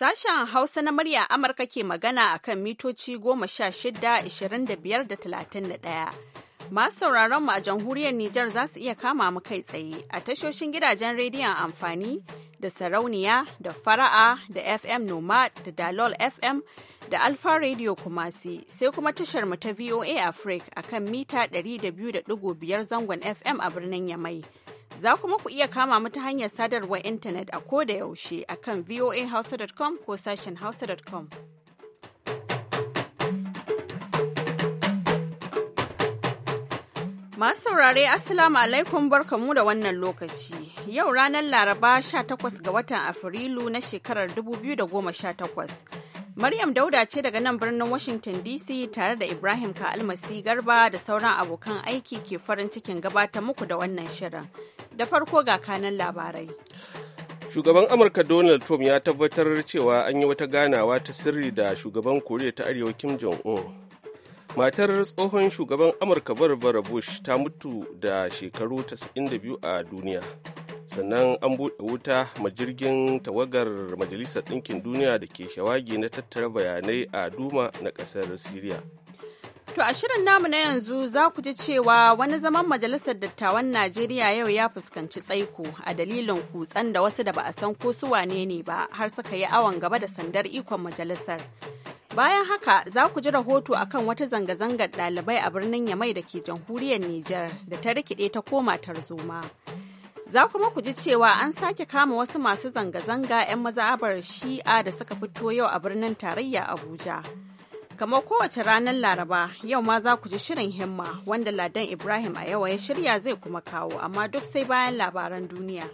Sashen Hausa na murya Amurka ke magana a kan mitoci goma sha shida, ishirin da biyar da talatin da ɗaya. Masu sauraron mu a jamhuriyar Nijar za su iya kama mu kai tsaye a tashoshin gidajen rediyon amfani da sarauniya da fara'a da FM Noma da Dalol FM da Alfa Radio Kumasi sai kuma tashar mu ta VOA Africa a kan mita 200.5 zangon FM a birnin Yamai. Za kuma ku iya kama mu ta hanyar sadarwar intanet a ko da yaushe a kan voahausa.com ko sashen hausa.com. Masu saurare Assalamu alaikum barkamu da wannan lokaci. Yau ranar Laraba 18 ga watan Afrilu na shekarar 2018. Maryam Dauda ce daga nan birnin Washington DC tare da Ibrahim Ka'almasi Garba da sauran abokan aiki ke farin cikin gabata muku da wannan shirin. da farko ga kanan labarai. Shugaban Amurka Donald Trump ya tabbatar cewa an yi wata ganawa ta sirri da shugaban Koriya ta Arewa Kim Jong-un. Matar tsohon shugaban Amurka Barbara Bush ta mutu da shekaru 92 a duniya. Sannan an buɗe wuta majirgin tawagar Majalisar Ɗinkin Duniya da ke shawagi na tattara bayanai a Duma na ƙasar Siriya. To a shirin namu na yanzu za ku ji cewa wani zaman majalisar dattawan Najeriya yau ya fuskanci tsaiko a dalilin kutsan da wasu da ba a san ko su wane ne ba har suka yi awon gaba da sandar ikon majalisar. Bayan haka za ku ji rahoto akan wata zanga-zangar ɗalibai a birnin Yamai da ke jamhuriyar Nijar da ta rikide ta koma Zoma. Za kuma ku ji cewa an sake kama wasu masu zanga-zanga 'yan mazabar shi'a da suka fito yau a birnin tarayya Abuja. Kamar kowace ranar Laraba, yau ma za ku ji shirin himma wanda Ladan Ibrahim a yawa ya shirya zai kuma kawo, amma duk sai bayan labaran duniya.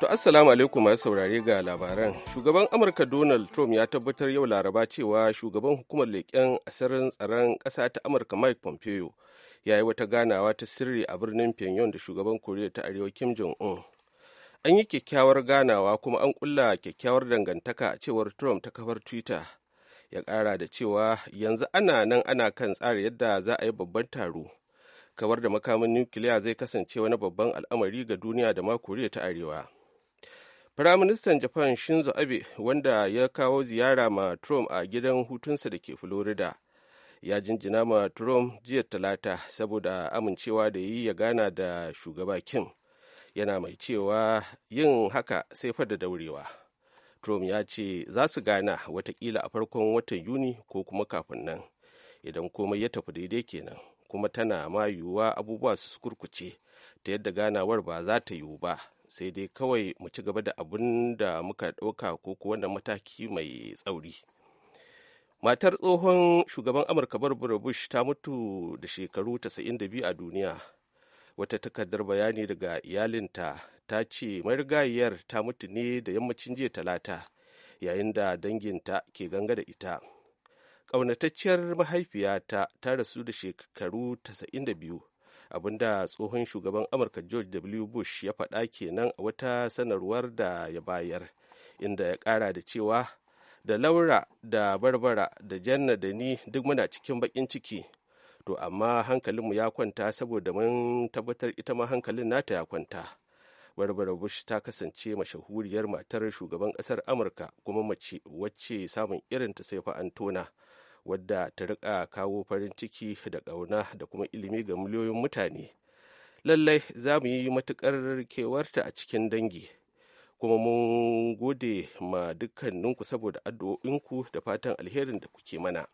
To assalamu alaikum masu saurare ga labaran. Shugaban Amurka Donald Trump ya tabbatar yau Laraba cewa shugaban hukumar leƙen asirin tsaron ƙasa ta Amurka Mike Pompeo ya yi wata ganawa ta sirri a birnin Pyongyang da shugaban Koriya ta Arewa Kim Jong-un. an yi kyakkyawar ganawa kuma an kulla kyakkyawar dangantaka a cewar trump ta kafar twitter ya kara da cewa yanzu ana nan ana kan tsara yadda za a yi babban taro kawar da makamin nukiliya zai kasance wani babban al'amari ga duniya da ma koriya ta arewa firaministan japan shinzo abe wanda ya kawo ziyara ma trump a gidan hutunsa da ke florida ya jinjina ma trump jiya talata saboda amincewa da yi ya gana da shugaba kim yana mai cewa yin haka sai fa da daurewa trump ya ce za su gana watakila a farkon watan yuni ko kuma kafin nan idan komai ya tafi daidai kenan kuma tana ma yiwuwa abubuwa su kurkuce ta yadda ganawar ba za ta yiwu ba sai dai kawai mu ci gaba da abin da muka ɗauka ko kuwa mataki mai tsauri matar tsohon shugaban amurka barbara bush ta mutu da shekaru 92 a duniya wata takardar bayani daga iyalinta ta ce marigayiyar ta mutu ne da yammacin jiya talata yayin da danginta ke ganga da ita ƙaunatacciyar mahaifiyata ta rasu da shekaru 92 abinda tsohon shugaban amurka george w bush ya faɗa kenan a wata sanarwar da ya bayar inda ya ƙara da cewa da laura da barbara da janna da ni duk muna cikin baƙin ciki to amma hankalinmu ya kwanta saboda mun tabbatar ita ma hankalin nata ya kwanta barbara bush ta kasance mashahuriyar matar shugaban kasar amurka kuma mace wacce samun irinta sai fa antona wadda ta rika kawo farin ciki da ƙauna da kuma ilimi ga miliyoyin mutane lallai za mu yi matuƙar kewarta a cikin dangi kuma mun gode ma dukkaninku saboda addu'o'inku da fatan alherin da kuke mana.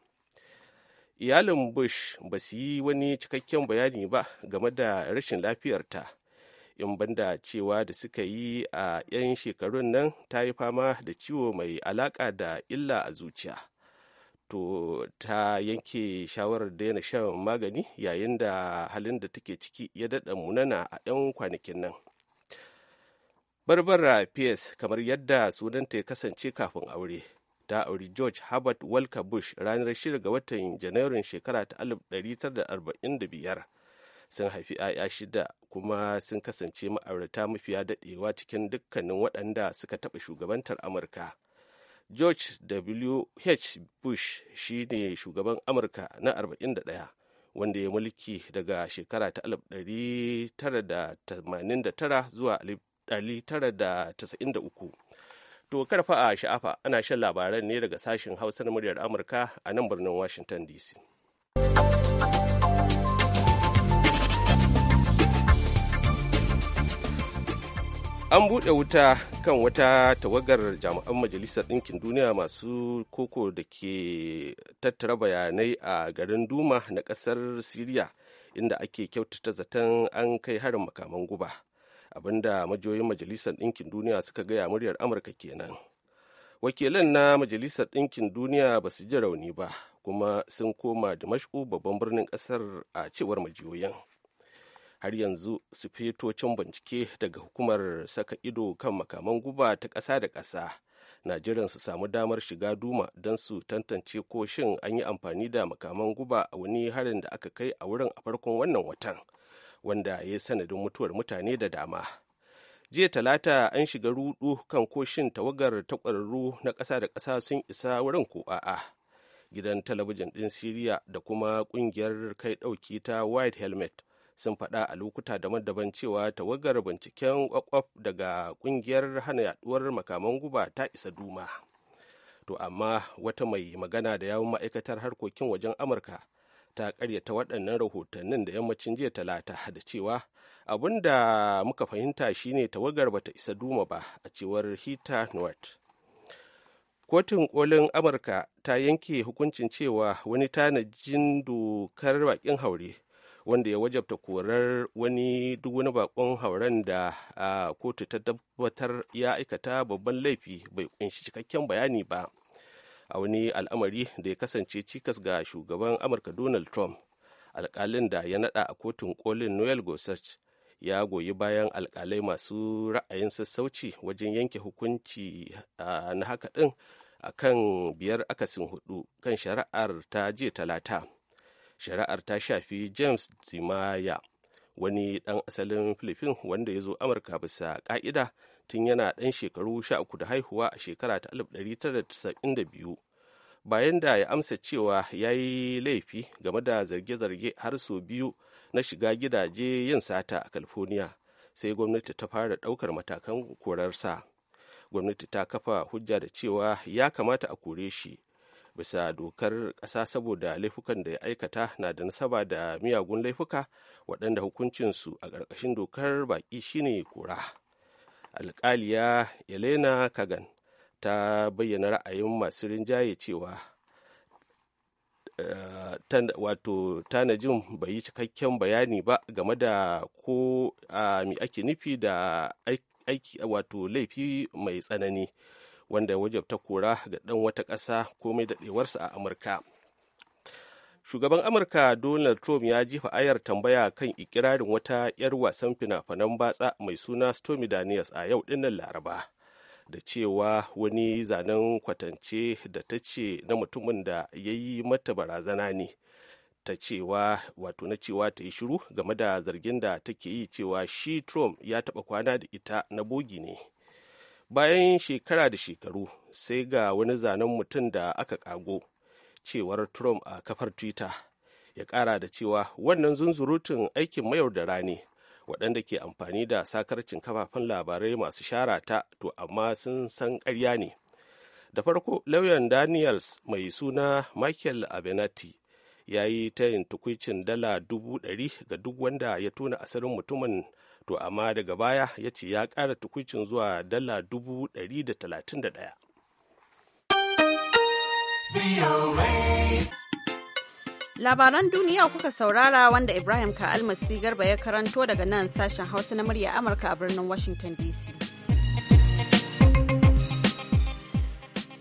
iyalin bush ba su yi wani cikakken bayani ba game da rashin lafiyarta in banda cewa da suka yi a 'yan shekarun nan ta yi fama da ciwo mai alaƙa da illa a zuciya to ta yanke shawarar daina shan magani yayin da halin da take ciki ya daɗa munana a 'yan kwanakin nan barbara pierce kamar yadda sunanta ya kasance kafin aure ta auri george herbert walker bush ranar 6 ga watan janairun shekara ta 1945 sun haifi 'ya'ya shida kuma sun kasance ma'aurata mafiya daɗewa cikin dukkanin waɗanda suka taɓa shugabantar amurka george w h bush shi ne shugaban amurka na 41 wanda ya mulki daga shekara ta 1989 zuwa 1993 To karfa a sha'afa ana shan labaran ne daga sashen Hausa na muryar Amurka a nan birnin Washington DC. An buɗe wuta kan wata tawagar jami'an Majalisar Ɗinkin Duniya masu koko da ke tattara bayanai a garin Duma na ƙasar Siriya inda ake kyautata zaton an kai harin makaman guba. abinda majiyoyin majalisar ɗinkin duniya suka gaya muryar amurka kenan wakilan na majalisar ɗinkin duniya ba su ji rauni ba kuma sun koma dimashku babban birnin ƙasar a cewar majiyoyin har yanzu su fetocin bincike daga hukumar saka ido kan makaman guba ta ƙasa da ƙasa na jiran su samu damar shiga duma don su tantance ko shin an yi amfani da makaman guba a wani harin da aka kai a wurin a farkon wannan watan wanda ya yi sanadin mutuwar mutane da dama jiya talata an shiga rudu kan koshin tawagar ta ƙwararru na ƙasa da ƙasa sun isa wurin ko a'a gidan talabijin ɗin siriya da kuma ƙungiyar kai ɗauki ta white helmet sun faɗa a lokuta daban-daban cewa tawagar binciken ƙwaƙwaf daga ƙungiyar hana yaduwar makaman guba ta isa duma to amma wata mai magana da yawun ma'aikatar harkokin wajen amurka ta karyata waɗannan rahotannin da yammacin jiya talata da cewa abun da muka fahimta shine tawagar bata isa duma ba a cewar hita nuwat kotun kolin amurka ta yanke hukuncin cewa wani tanajin dokar bakin haure wanda ya wajabta korar wani duk wani bakon hauren da kotu ta tabbatar ya aikata babban laifi bai kunshi cikakken bayani ba a wani al'amari da ya kasance cikas ga shugaban amurka donald trump alkalin da ya nada a kotun kolin noel gorsuch ya goyi bayan alkalai masu ra'ayin sassauci wajen yanke hukunci na haka din a kan biyar akasin hudu kan shari'ar ta je talata shari'ar ta shafi james dimaya wani dan asalin filifin wanda ya zo amurka bisa ka'ida tun yana ɗan shekaru 13 da haihuwa a shekara ta 1992 bayan da ya amsa cewa ya yi laifi game da zarge-zarge har sau biyu na shiga gidaje yin sata a california sai gwamnati ta fara ɗaukar matakan korarsa gwamnati ta kafa hujja da cewa ya kamata a kore shi bisa dokar ƙasa saboda laifukan da ya aikata na da nasaba da miyagun laifuka waɗanda hukuncinsu a ƙarƙashin dokar baƙi shine kora. alkaliya elena kagan ta bayyana ra'ayin masu rinjaye cewa eh, wato tanajin bai yi cikakken bayani ba game da ko mi ake nufi da aiki wato laifi mai tsanani wanda wajabta kora ga ɗan wata ƙasa komai daɗewarsa a amurka shugaban amurka donald trump ya jefa ayar tambaya kan ikirarin wata 'yar wasan fina-finan batsa mai suna stormy daniels a yau dinnan laraba da cewa wani zanen kwatance da ta ce na mutumin da ya yi mata barazana ne ta cewa wato na cewa ta yi shiru game da zargin da take yi cewa shi trump ya taba kwana da ita na bogi ne bayan shekara da shekaru sai ga wani zanen mutum da aka kago cewar trump a kafar twitter ya ƙara da cewa wannan zunzurutun aikin mayar da rani waɗanda ke amfani da sakarcin kafafen labarai masu sharata, to amma sun san ƙarya ne da farko lauyan daniels mai suna michael abenati ya yi tayin tukwicin dala dubu ɗari ga duk wanda ya tona asirin mutumin to amma daga baya ya ce ya ƙara tukwicin zuwa dala dubu ɗari da talatin da ɗaya Labaran duniya kuka saurara wanda Ibrahim Ka'almasi Garba ya karanto daga nan sashen Hausa na murya Amurka a birnin Washington DC.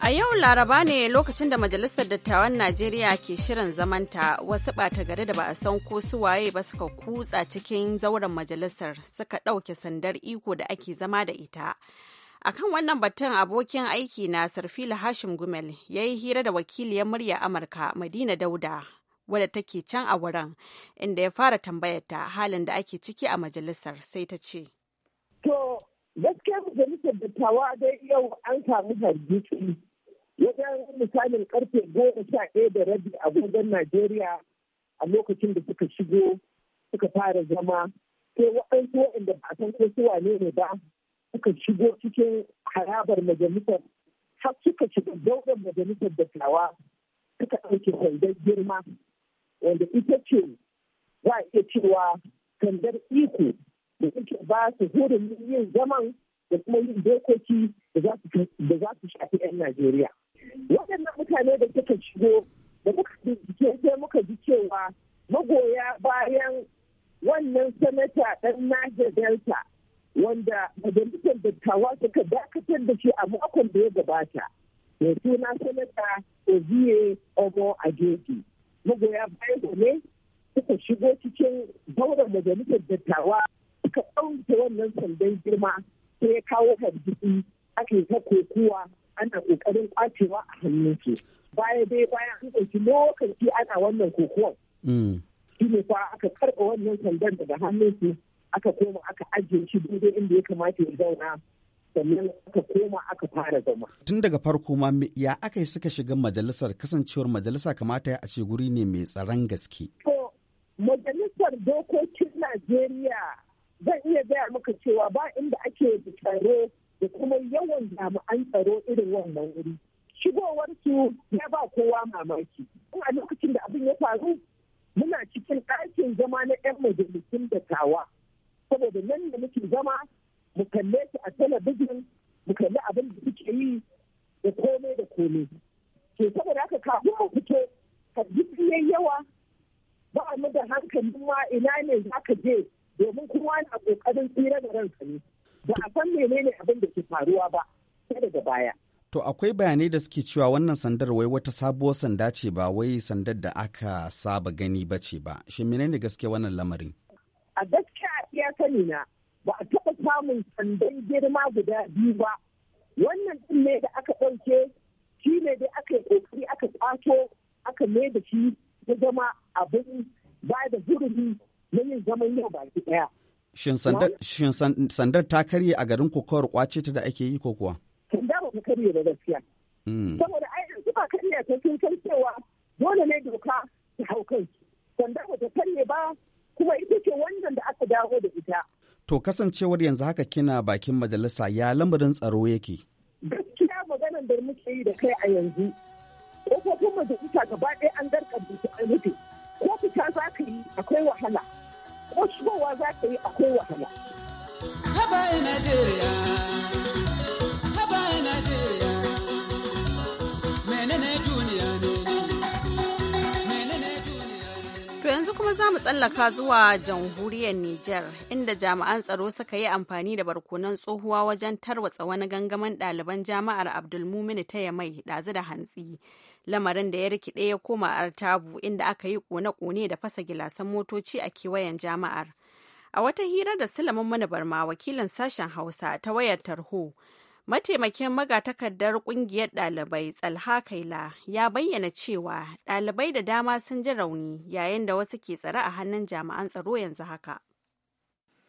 A yau Laraba ne lokacin da Majalisar Dattawan Najeriya ke shirin zamanta wasu ɓata gari da ba a san ko su waye ba suka kutsa cikin zauren majalisar suka ɗauke sandar iko da ake zama da ita akan wannan batun abokin aiki na sarfila hashim gumel ya yi hira da wakiliyar murya amurka madina dauda wadda take can a wurin inda ya fara tambayar ta halin da ake ciki a majalisar sai ta ce to gaskiya majalisar dattawa dai yau an samu hargitsi wajen misalin karfe goma sha ɗaya da rabi agogon najeriya a lokacin da suka shigo suka fara zama sai waɗansu waɗanda ba san ko suwa wane ne ba suka shigo cikin harabar majalisar har suka shiga daular majalisar tawa suka ɗauke sandar girma wanda ita ce za a iya cewa sandar iko da suke ba su hurin yin zaman da kuma yin dokoki da za su shafi 'yan Najeriya. Waɗannan mutane da suka shigo da muka bincike sai muka ji cewa magoya bayan wannan sanata ɗan Niger Delta wanda majalisar dattawa suka dakatar da shi a makon da ya gabata mai suna sanata oziye omo ageji magoya bayan ne suka shigo cikin daular majalisar dattawa suka ɗauke wannan sandan girma sai ya kawo hargitsi ake ta kokuwa ana ƙoƙarin kwacewa a hannunsu baya dai bayan an ɗauki lokaci ana wannan kokuwan mm. shi ne fa aka karɓa wannan sandan daga hannunsu aka koma aka ajiye shi daidai inda ya kamata ya zauna sannan aka koma aka fara zama. Tun daga farko ma ya aka yi suka shiga majalisar kasancewar majalisa kamata a ce guri ne mai tsaron gaske. To majalisar dokokin Najeriya zan iya gaya maka cewa ba inda ake da tsaro da kuma yawan jami'an tsaro irin wannan wuri. Shigowarsu ya ba kowa mamaki. In a lokacin da abin ya faru muna cikin ɗakin zama na 'yan majalisun da dattawa. saboda nan da muke zama mu kalle shi a talabijin mu kalle abin da suke yi da komai da komai ke saboda haka kafin mu fito ka ji yawa ba mu da hankalin ma ina ne za ka je domin kuma na kokarin tsira da ranka ne ba a san menene abin da ke faruwa ba sai daga baya To akwai bayanai da suke cewa wannan sandar wai wata sabuwar sanda ce ba wai sandar da aka saba gani ba ce ba. Shin menene gaske wannan lamarin? A gaskiya gaskiya sani na ba a taɓa samun sandan girma guda biyu ba wannan ɗin ne da aka ɗauke shi ne dai aka yi ƙoƙari aka ƙwato aka mai da shi ya zama abin ba da hurumi na yin zaman yau ba baki ɗaya. Shin sandar ta karye a garin kokowar kwace ta da ake yi ko kuwa? Sandar ba ta karye da gaskiya. Hmm. Saboda ai in ba karye ta sun san cewa dole ne doka ta hau kansu. Sandar ba ta karye ba kuma ita ce wannan da aka dawo da ita. To kasancewar yanzu haka kina bakin majalisa ya lamarin tsaro yake. Gaskiya maganar da muke yi da kai a yanzu. Kofofin majalisa gaba ɗaya an garka su an rufe. Ko fita za ka yi akwai wahala. Ko shigowa za ka yi akwai wahala. Haba Najeriya. Najeriya. To yanzu kuma za mu tsallaka zuwa jamhuriyar Nijar inda jami'an tsaro suka yi amfani da barkonan tsohuwa wajen tarwatsa wani gangaman ɗaliban Jama'ar Abdulmumini ta Yamai ɗazu da hantsi. Lamarin da ya rikide ya koma Artabu inda aka yi kone-kone da fasa gilasan motoci a kewayen jama'ar. A wata hira da Sulaiman Mana Barma wakilin sashen Hausa ta wayar tarho mataimakin magatakardar kungiyar ɗalibai tsalha kaila ya bayyana cewa ɗalibai da dama sun ji rauni yayin da wasu ke tsare a hannun jami'an tsaro yanzu haka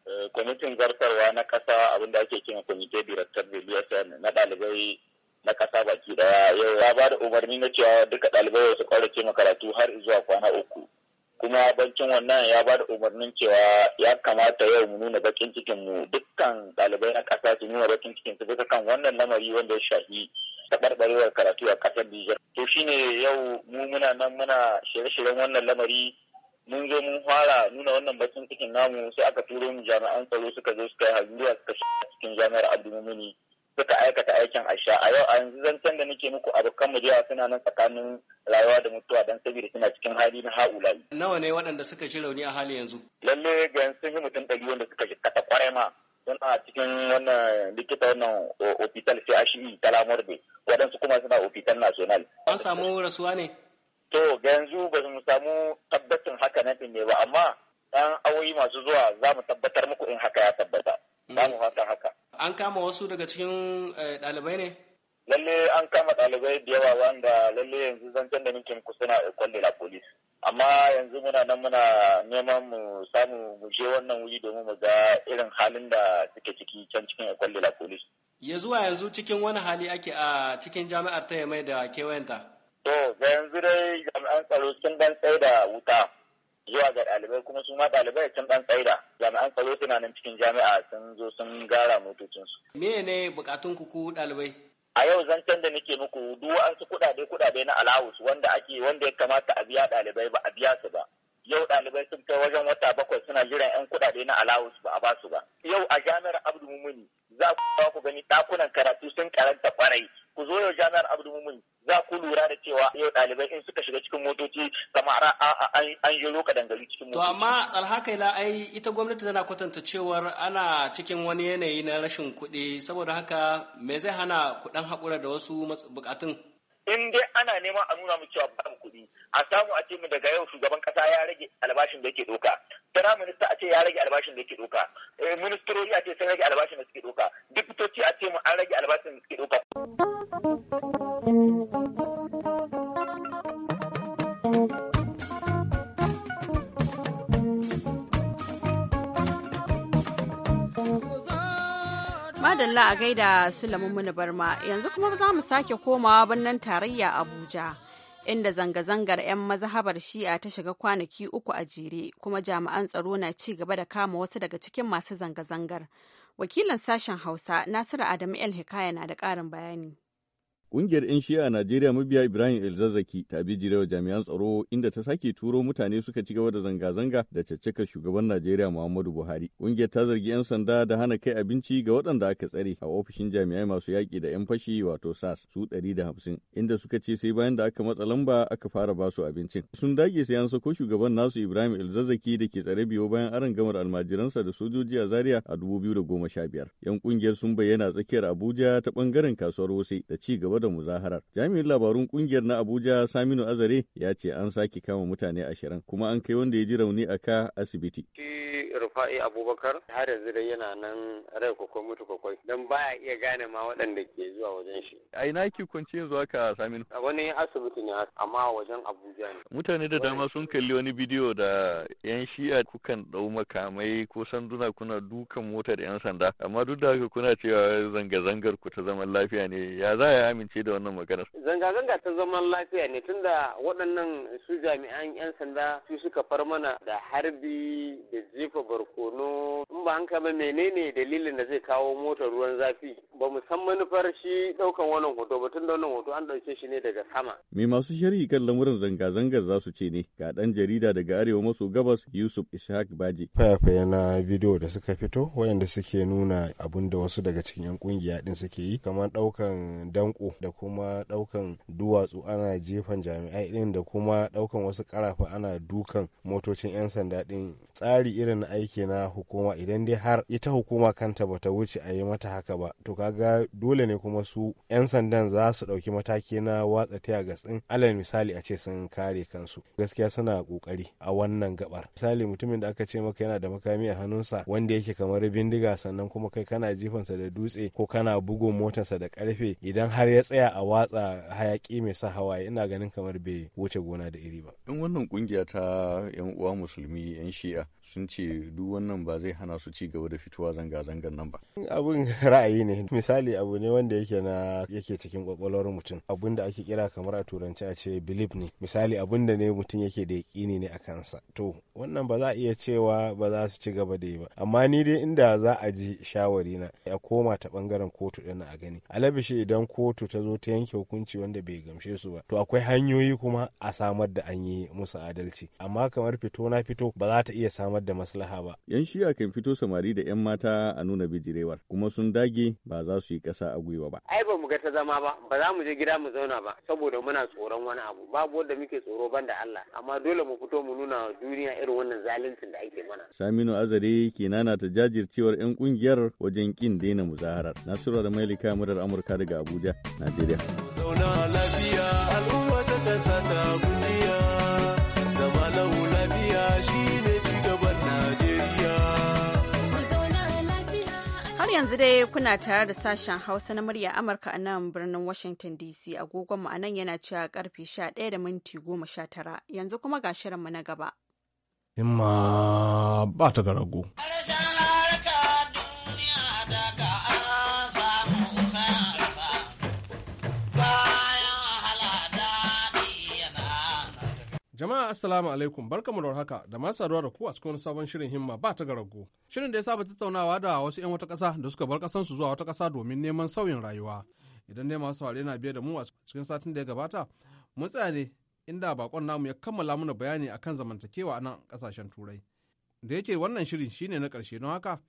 eh, kwamitin zartarwa na kasa abinda ake kira kwamitin director delegation na ɗalibai na kasa baki daya yau ya ba da umarni na cewa duka ɗalibai su ƙwarace makaratu har zuwa kwana uku kuma bankin wannan ya ba da umarnin cewa ya kamata yau mu nuna bakin cikin mu dukkan ɗalibai na kasa su nuna bakin cikin su bisa kan wannan lamari wanda ya shafi taɓarɓarewar karatu a kasar Nijar. To shine yau mu muna nan muna shirye-shiryen wannan lamari mun zo mun fara nuna wannan bakin cikin namu sai aka turo mu jami'an tsaro suka zo suka yi hajjuriya suka shiga cikin jami'ar Abdulmumini. suka aikata aikin asha a yau a yanzu zancen da nake muku abokan mu jiya suna nan tsakanin rayuwa da mutuwa dan saboda suna cikin hali na haula Nawa ne waɗanda suka ji rauni a hali yanzu? Lalle ga sun yi mutum ɗari wanda suka jikkata kwarai ma. suna cikin wannan likita wannan hospital eh, sai e, ta kalamar da waɗansu kuma suna hospital national. An samu rasuwa ne? To ga yanzu ba mu samu tabbacin haka na ne ba amma ɗan awoyi masu zuwa za mu tabbatar muku in haka ya tabbata. Za mu haka haka. an kama wasu daga cikin eh, ɗalibai ne lalle an kama ɗalibai da yawa wanda lalle yanzu zancen da nake muku suna kwalle polis amma yanzu muna nan muna neman mu samu mu je wannan wuri domin mu ga irin halin da suke ciki can cikin kwalle la polis. ya zuwa yanzu cikin wani hali ake a cikin jami'ar ta mai da kewayenta to ga yanzu dai jami'an tsaro sun dan tsaye da wuta zuwa ga ɗalibai kuma su ma ɗalibai sun ɗan tsaida jami'an tsaro suna nan cikin jami'a sun zo sun gara motocinsu. Me ne bukatun ku ku ɗalibai? A yau zancen da nake muku duk wasu kuɗaɗe kuɗaɗe na alawus wanda ake wanda ya kamata a biya ɗalibai ba a biya su ba. Yau ɗalibai sun kai wajen wata bakwai suna jiran 'yan kuɗaɗe na alawus ba a ba su ba. Yau a jami'ar Abdu Mumuni za ku gani ɗakunan karatu sun karanta kwarai. Ku zo yau jami'ar Abdu Mumuni za ku lura da cewa yau ɗalibai in suka shiga cikin motoci kamar an yi roka dangali cikin motoci. To amma alhakaila ai ita gwamnati tana kwatanta cewar ana cikin wani yanayi na rashin kuɗi saboda haka me zai hana kuɗin haƙura da wasu bukatun? in dai ana neman a nuna mu cewa ba mu kuɗi a samu a ce mu daga yau shugaban kasa ya rage albashin da yake doka tara minista a ce ya rage albashin da yake doka eh, ministrori a ce sun rage albashin da suke doka dikitoci a ce mu an rage albashin da suke doka thank you adalla a gaida Sulaiman Muni Barma yanzu kuma za mu sake komawa birnin tarayya Abuja inda zanga-zangar 'yan mazhabar shi'a ta shiga kwanaki uku a jere kuma jami'an tsaro na ci gaba da kama wasu daga cikin masu zanga-zangar. Wakilin sashen Hausa Nasiru Adamu El Hikaya na da ƙarin bayani. Ƙungiyar 'yan shi'a a Najeriya mabiya Ibrahim Elzazaki ta bi jirewa jami'an tsaro inda ta sake turo mutane suka ci gaba da zanga-zanga da caccakar shugaban Najeriya Muhammadu Buhari. Ƙungiyar ta zargi 'yan sanda da hana kai abinci ga waɗanda aka tsare a ofishin jami'ai masu yaƙi da 'yan fashi wato SAS su ɗari da hamsin, inda suka ce sai bayan da aka matsa lamba aka fara ba su abincin. Sun dage sai an sako shugaban nasu Ibrahim Elzazaki da ke tsare biyo bayan aron gamar almajiransa da sojoji a Zaria a 2015. 'Yan ƙungiyar sun bayyana tsakiyar Abuja ta ɓangaren kasuwar Wose da ci gaba da muzaharar. Jami'in labarun kungiyar na Abuja Saminu Azare ya ce an sake kama mutane ashirin kuma an kai wanda ya ji rauni a ka asibiti. rufa'i abubakar har yanzu dai yana nan rai kwakwai mutu kwakwai don baya iya gane ma waɗanda ke zuwa wajen shi a ina ki kwanci yanzu haka saminu a wani asibiti ne amma wajen abuja ne mutane da dama sun kalli wani bidiyo da yan shi'a kukan ɗau makamai ko sanduna kuna dukan motar yan sanda amma duk da haka kuna cewa zanga-zangar ku ta zaman lafiya ne ya za a amince da wannan maganar zanga-zanga ta zaman lafiya ne tunda waɗannan su jami'an yan sanda su suka far mana da harbi da jefa suka barkono in ba an kama menene dalilin da zai kawo motar ruwan zafi ba mu san manufar shi daukan wannan hoto ba tun da wannan hoto an dauke shi ne daga sama me masu sharhi kan lamuran zanga-zangar za su ce ne ga dan jarida daga arewa maso gabas Yusuf Ishaq Baji fayafaye na bidiyo da suka fito wayanda suke nuna abun da wasu daga cikin yan kungiya din suke yi kamar daukan danko da kuma daukan duwatsu ana jefan jami'ai din da kuma daukan wasu karafa ana dukan motocin yan sanda din tsari irin aiki na hukuma idan dai har ita hukuma kanta bata wuce a yi mata haka ba to kaga dole ne kuma su 'yan sandan za su ɗauki mataki na watsa taya gatsin alal misali a ce sun kare kansu gaskiya suna kokari a wannan gabar misali mutumin da aka ce maka yana da makami a hannunsa wanda yake kamar bindiga sannan kuma kai kana jifansa da dutse ko kana bugun motarsa da karfe idan har ya tsaya a watsa hayaki mai sa hawaye ina ganin kamar bai wuce gona da iri ba in wannan kungiya ta yan uwa musulmi yan shi'a sun ce duk wannan ba zai hana su ci gaba da fitowa zanga-zangar nan ba. abun ra'ayi ne misali abu ne wanda yake na yake cikin kwakwalwar mutum abun da ake kira kamar a turanci a ce believe ne misali abun da ne mutum yake da yakini ne a kansa to wannan ba za a iya cewa ba za su ci gaba da yi ba amma ni dai inda za a ji shawari na ya koma ta bangaren kotu ɗin a gani alabishi idan kotu ta zo ta yanke hukunci wanda bai gamshe su ba to akwai hanyoyi kuma a samar da an yi musu adalci amma kamar fito na fito ba za ta iya samar da maslaha Yan shiya kan fito samari da 'yan mata a nuna bijirewar kuma sun dage ba za su yi ƙasa a gwiwa ba. Ai ba mu ga ta zama ba, ba za mu je gida mu zauna ba saboda muna tsoron wani abu, babu wanda muke tsoro banda Allah, amma dole mu fito mu nuna wa duniya irin wannan zaluncin da ake mana. Saminu Azare ke nana ta jajircewar 'yan kungiyar wajen kin daina muzaharar. Nasiru da Mailika murar Amurka daga Abuja, Najeriya. Zauna lafiya al'umma ta kasa ta Har yanzu dai kuna tare da sashen Hausa na murya Amurka a nan birnin Washington DC agogon mu nan yana cewa karfe 11 da minti tara, yanzu kuma ga shirinmu na gaba. Imma ba ta garago. Jama'a assalamu alaikum barkamu da haka da masu saduwa da ku a cikin sabon shirin himma ba ta garago. Shirin da ya saba tattaunawa da wasu 'yan wata ƙasa da suka bar ƙasansu zuwa wata ƙasa domin neman sauyin rayuwa. Idan dai masu saurare na biye da mu a cikin satin da ya gabata, mun tsaya ne inda bakon namu ya kammala mana bayani akan zamantakewa a nan ƙasashen Turai. Da yake wannan shirin shine na ƙarshe don haka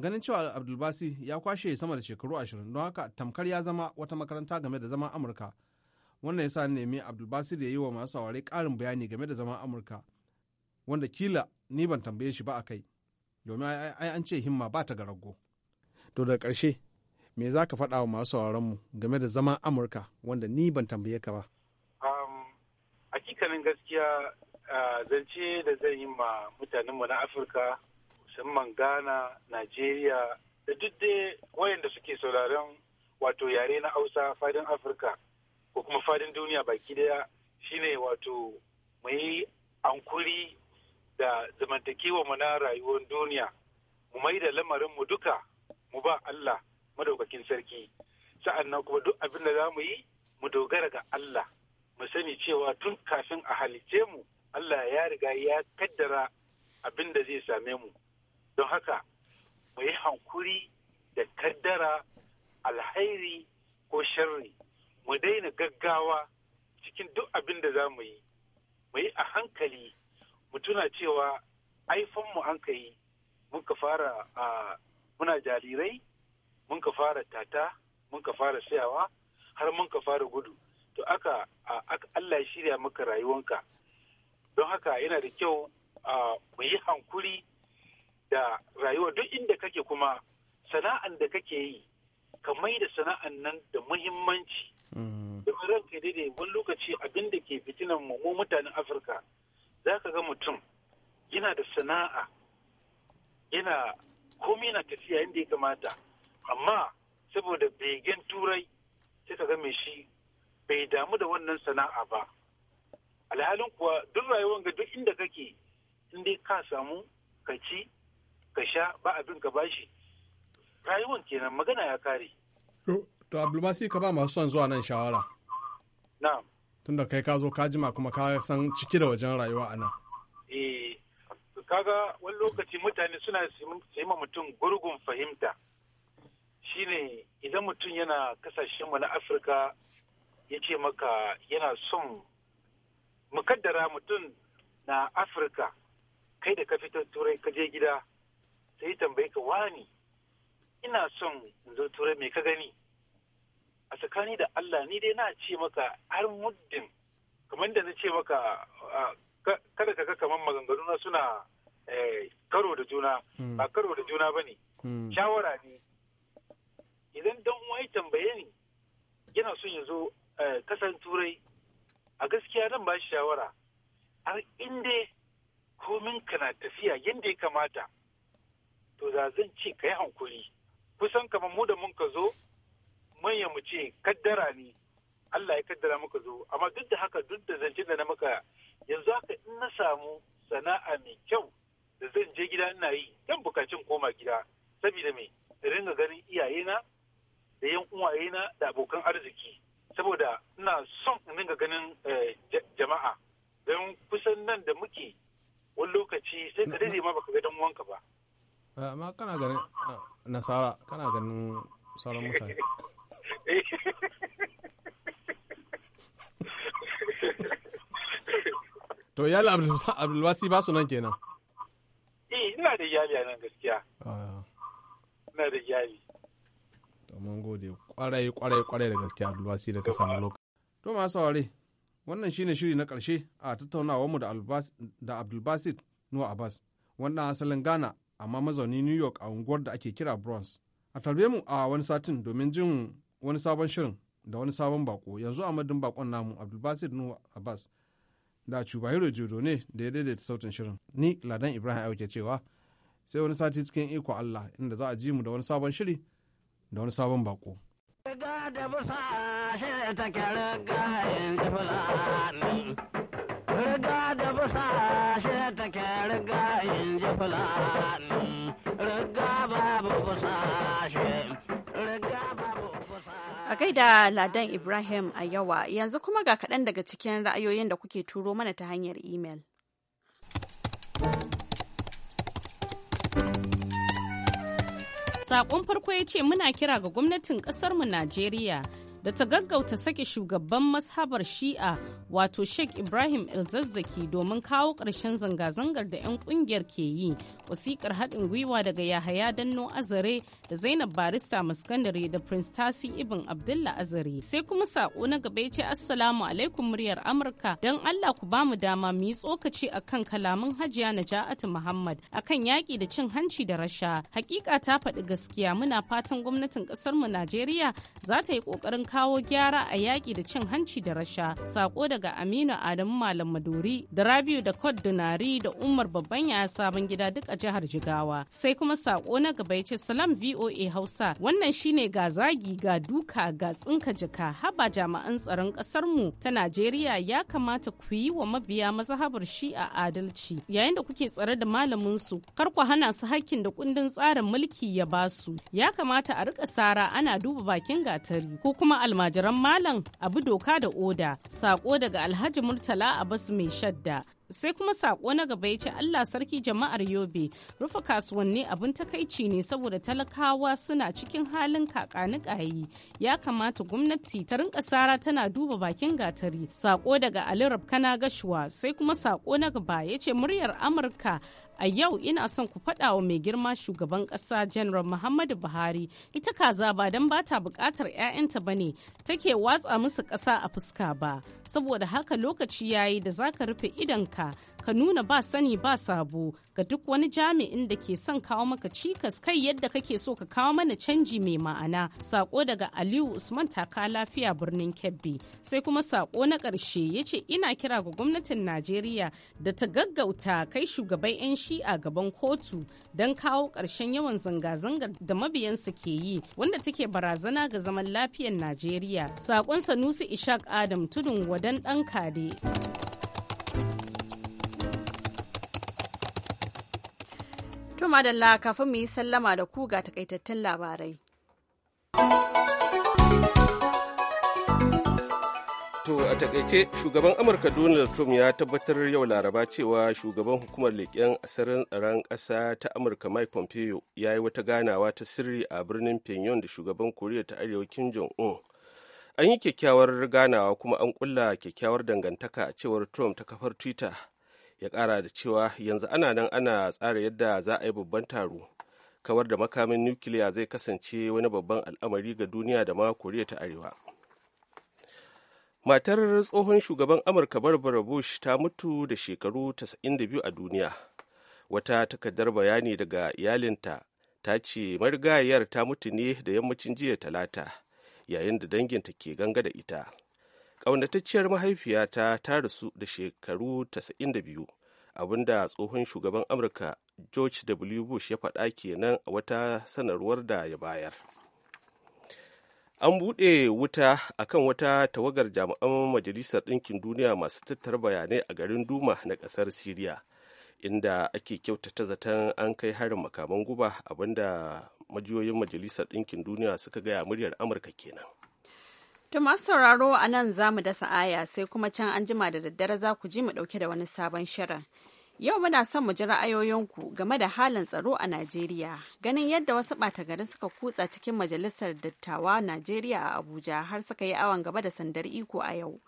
ganin cewa Abdulbasi ya kwashe sama da shekaru ashirin don haka tamkar ya zama wata makaranta game da zama Amurka wannan ya sa nemi abdulbasir ya yi wa masu saurari ƙarin bayani game da zaman amurka wanda kila ni ban tambaye shi ba a kai domin ai an ce himma ba ta ga rago to da ƙarshe me za ka faɗa wa masu sauraronmu game da zaman amurka wanda ni ban tambaye ka ba um, hakikanin gaskiya uh, zance da zan yi ma mutanenmu na afirka musamman ghana nigeria da duk dai wayanda suke sauraron wato yare na hausa fadin afirka ko kuma fadin duniya baki daya shine wato mu yi ankuri da zamantakewa mu na rayuwar duniya mu mai da lamarin mu duka mu ba Allah madaukakin sarki sa'annan kuma duk abin da zamu yi mu dogara ga Allah mu sani cewa tun kafin a halice mu Allah ya riga ya kaddara abin da zai same mu don haka mu yi hankuri da kaddara alhairi ko sharri mu daina gaggawa cikin duk abin da za mu yi mu yi a hankali mu tuna cewa aifanmu an ka yi muka fara a muna jarirai muka fara tata muka fara sayawa har muka fara gudu to aka Allah ya shirya maka rayuwanka don haka yana da kyau mu yi hankuri da rayuwa duk inda kake kuma sana'an da kake yi ka mai da sana'an nan da muhimmanci domin ranka daidai wani lokaci abin da ke fitinan mu mutanen afirka za ka ga mutum yana da sana'a yana komai na tafiya inda ya kamata amma saboda begen turai sai ka ga mai shi bai damu da wannan sana'a ba alhalin kuwa duk rayuwar ga duk inda kake in dai ka samu ka ci ka sha ba abin ka bashi rayuwan kenan magana ya kare to abdulmasi ka ba masu son zuwa nan shawara na'am tunda kai ka zo ka jima kuma ka san ciki da wajen rayuwa a nan eh kaga wani lokaci mutane suna ma mutum gurgun fahimta shine idan mutum yana kasashenmu na afirka ya ce maka yana son mukaddara mutum na afirka kai da ka fitar turai ka je gida sai tambayi ka wani ina son in zo turai mai ka gani a tsakani da Allah ni dai na ce maka har muddin kamar da na ce maka kada ka ga kamar na suna eh, karo da juna hmm. ba karo da juna ba ne hmm. shawara ne idan dan uwa ya tambaye ni yana son ya zo eh, kasan turai a gaskiya nan ba shi shawara har inda komin ka na tafiya yadda ya kamata to za zan ce ka yi hankuri kusan kamar mu da mun ka zo manyan mu ce kaddara ne Allah ya kaddara muka zo amma duk da haka duk da zance da na maka yanzu haka in na samu sana'a mai kyau da zan je gida ina yi zan bukacin koma gida saboda me da ringa ganin iyayena da yan uwayena da abokan arziki saboda ina son in ringa ganin eh, jama'a don kusan nan da muke wani lokaci sai ka dade ma baka ga dan uwanka ba eh, amma kana ganin eh, nasara kana ganin sauran mutane to abdul abdulwasi ba su nan kenan eh ina da iyali a nan gaskiya ah, ina da iyali to mun gode kwarai kwarai kwarai da gaskiya abdulwasi da ka samu lokaci to ma saware. wannan shine shiri na karshe a mu da abdul Basit nuwa abbas wannan asalin ghana amma mazaunin new york a unguwar da ake kira bronx a tarbe mu a wani satin domin jin wani sabon shirin da wani sabon bako yanzu a madin bakon namu abdulbasir nuhu abbas da cubahiro jodo ne da ya daidaita sautin shirin ni ladan ibrahim ayo cewa sai wani sati cikin iko allah inda za a ji mu da wani sabon shiri da wani sabon bako Riga da busa shi ta Riga gaida Ladan Ibrahim a yawa yanzu kuma ga kaɗan daga cikin ra'ayoyin da kuke turo mana ta hanyar imel. Sakon farko ya ce muna kira ga gwamnatin ƙasarmu Najeriya da ta gaggauta sake shugaban mashabar shi'a wato sheikh ibrahim elzazzaki domin kawo ƙarshen zanga-zangar da 'yan ƙungiyar ke yi wasikar haɗin gwiwa daga yahaya danno azare da zainab barista maskandare da prince tasi ibn abdullah azare sai kuma saƙo na gaba ya ce assalamu alaikum muryar amurka don allah ku bamu dama mu yi tsokaci akan kalamin hajiya naja'atu muhammad akan yaƙi da cin hanci da rasha hakika ta faɗi gaskiya muna fatan gwamnatin ƙasarmu najeriya za ta yi ƙoƙarin kawo gyara a yaƙi da cin hanci da rasha sako daga aminu adamu malam maduri da rabiu da kod dunari da umar babban ya sabon gida duk a jihar jigawa sai kuma sako na gaba ya ce salam voa hausa wannan shine ga zagi ga duka ga tsinka jika haba jama'an tsaron ƙasar mu ta najeriya ya kamata ku yi wa mabiya mazhabar shi'a adalci yayin da kuke tsare da malamin su kar ku hana su hakkin da kundin tsarin mulki ya basu ya kamata a rika sara ana duba bakin gatari ko kuma almajiran malam abu doka da oda sako daga alhaji murtala abbas mai shadda sai kuma sako na gaba ya ce Allah sarki jama'ar Yobe rufe kasuwanni abin takaici ne saboda talakawa suna cikin halin kakanikayi kayi ya kamata gwamnati ta rinka sara tana duba bakin gatari sako daga Ali Rabkana Gashuwa sai kuma sako na gaba ya ce muryar Amurka a yau ina son ku faɗa wa mai girma shugaban ƙasa General Muhammadu Buhari ita kaza ba don ba ta buƙatar 'ya'yanta ba ne take watsa musu ƙasa a fuska ba saboda haka lokaci yayi da za ka rufe idonka ka nuna ba sani ba sabo ga duk wani jami'in da ke son kawo maka cikas kai yadda kake so ka kawo mana canji mai ma'ana sako daga aliyu usman taka lafiya birnin kebbi sai kuma sako na ƙarshe ya ce ina kira ga gwamnatin najeriya da ta gaggauta kai shugaban 'yan shi'a gaban kotu don kawo ƙarshen yawan zanga-zangar da mabiyansu ke yi wanda take barazana ga zaman lafiyar najeriya sakon sanusi ishaq adam tudun wadan ɗan kare. To madalla kafin mu yi sallama da ku ga takaitattun labarai. To a takaice shugaban Amurka Donald Trump ya tabbatar yau laraba cewa shugaban hukumar leƙen asirin tsaron ƙasa ta Amurka Mike Pompeo ya yi wata ganawa ta sirri a birnin Pyongyang da shugaban Koriya ta Arewa Kim Jong-un. An yi kyakkyawar ganawa kuma an ƙulla kyakkyawar dangantaka a cewar Trump ta kafar Twitter. ya kara da cewa yanzu ana nan ana tsara yadda za a yi babban taro kawar da makamin nukiliya zai kasance wani babban al'amari ga duniya da ma koriya ta arewa matar tsohon shugaban amurka barbara bush ta mutu da shekaru 92 a duniya wata takardar bayani daga iyalinta ta ce marigayar ta mutu ne da yammacin jiya talata yayin da danginta ke ganga da ita ƙaunatacciyar mahaifiyata ta rasu da shekaru 92 abinda tsohon shugaban amurka george w bush ya faɗa kenan a wata sanarwar da ya bayar an buɗe wuta a kan wata tawagar jami'an majalisar ɗinkin duniya masu tattara bayanai a garin duma na ƙasar siriya inda ake kyautata zaton an kai harin makaman guba abinda majiyoyin majalisar ɗinkin duniya suka gaya muryar amurka kenan To masu sauraro a nan za mu dasa aya sai kuma can an jima da daddare za ku ji mu ɗauke da wani sabon shirin. Yau muna son mu ji ra'ayoyinku game da halin tsaro a Najeriya, ganin yadda wasu ɓata garin suka kutsa cikin Majalisar Dattawa Najeriya a Abuja har suka yi awon gaba da sandar iko a yau.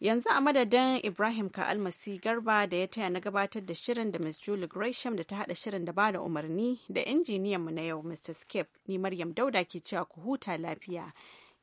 Yanzu a madadin Ibrahim ka Almasi Garba da ya taya na gabatar da shirin da Ms Julie Gresham da ta haɗa shirin da bada umarni da injiniyan mu na yau Mr. Skip, ni Maryam Dauda ke cewa ku huta lafiya.